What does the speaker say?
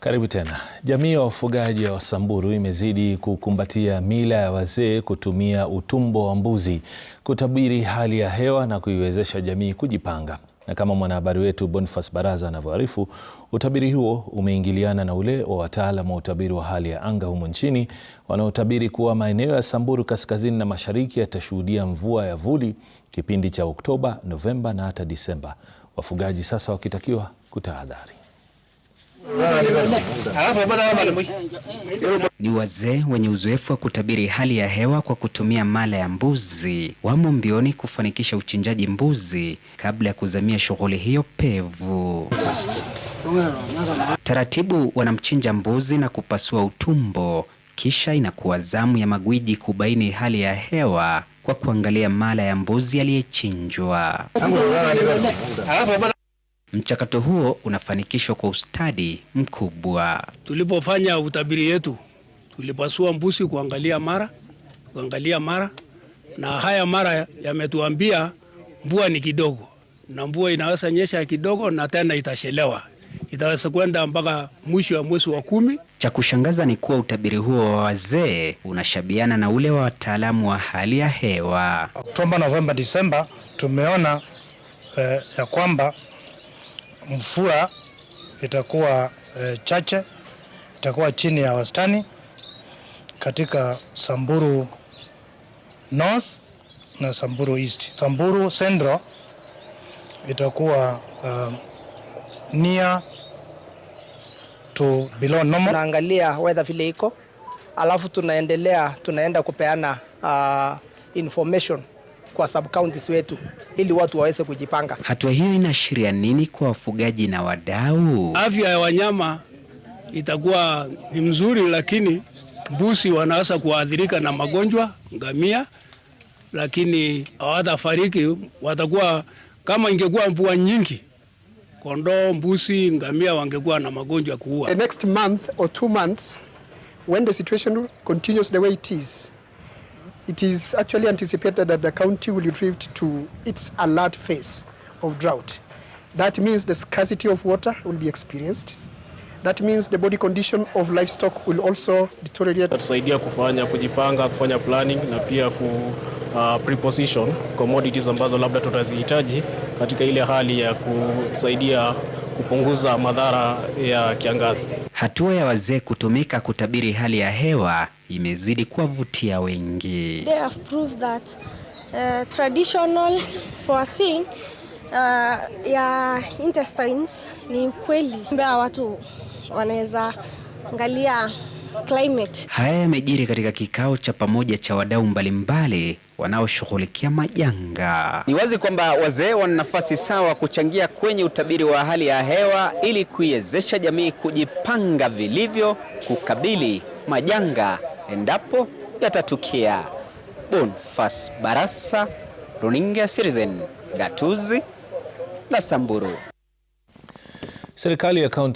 Karibu tena. Jamii ya wafugaji ya Wasamburu imezidi kukumbatia mila ya wazee kutumia utumbo wa mbuzi kutabiri hali ya hewa na kuiwezesha jamii kujipanga. Na kama mwanahabari wetu Boniface Baraza anavyoarifu, utabiri huo umeingiliana na ule wa wataalam wa utabiri wa hali ya anga humo nchini wanaotabiri kuwa maeneo ya Samburu kaskazini na mashariki yatashuhudia mvua ya vuli kipindi cha Oktoba, Novemba na hata Disemba, wafugaji sasa wakitakiwa kutahadhari. Ni wazee wenye uzoefu wa kutabiri hali ya hewa kwa kutumia mala ya mbuzi wamo mbioni kufanikisha uchinjaji mbuzi kabla ya kuzamia shughuli hiyo pevu. Taratibu wanamchinja mbuzi na kupasua utumbo, kisha inakuwa zamu ya magwiji kubaini hali ya hewa kwa kuangalia mala ya mbuzi aliyechinjwa. Mchakato huo unafanikishwa kwa ustadi mkubwa. Tulipofanya utabiri yetu, tulipasua mbusi kuangalia mara kuangalia mara, na haya mara yametuambia mvua ni kidogo, na mvua inaweza nyesha kidogo na tena itachelewa itaweza kwenda mpaka mwisho wa mwezi wa kumi. Cha kushangaza ni kuwa utabiri huo wa wazee unashabiana na ule wa wataalamu wa hali ya hewa. Oktoba, Novemba, Disemba tumeona eh, ya kwamba mvua itakuwa e, chache, itakuwa chini ya wastani katika Samburu North na Samburu East. Samburu Central itakuwa uh, near to below normal. Tunaangalia weather vile iko, alafu tunaendelea tunaenda kupeana uh, information kwa sub counties wetu ili watu waweze kujipanga. Hatua hiyo inaashiria nini kwa wafugaji na wadau? Afya ya wanyama itakuwa ni mzuri, lakini busi wanaweza kuathirika na magonjwa, ngamia, lakini hawatafariki. Watakuwa kama ingekuwa mvua nyingi, kondoo, mbusi, ngamia wangekuwa na magonjwa kuua. The next month or two months when the situation continues the way it is It is actually anticipated that the county will drift to its alert phase of drought. That means the scarcity of water will be experienced. That means the body condition of livestock will also deteriorate. Tatusaidia kufanya kujipanga, kufanya planning na pia ku uh, preposition commodities ambazo labda tutazihitaji katika ile hali ya kusaidia kupunguza madhara ya kiangazi. Hatua ya wazee kutumika kutabiri hali ya hewa imezidi kuwavutia wengi. They have proved that uh, traditional foreseeing uh, ya intestines ni ukweli, mbea watu wanaweza angalia climate. Haya yamejiri katika kikao cha pamoja cha wadau mbalimbali wanaoshughulikia majanga. Ni wazi kwamba wazee wana nafasi sawa kuchangia kwenye utabiri wa hali ya hewa ili kuiwezesha jamii kujipanga vilivyo kukabili majanga endapo yatatukia. Bonfas Barasa, Runinga Citizen, gatuzi la Samburu. Serikali ya kaunti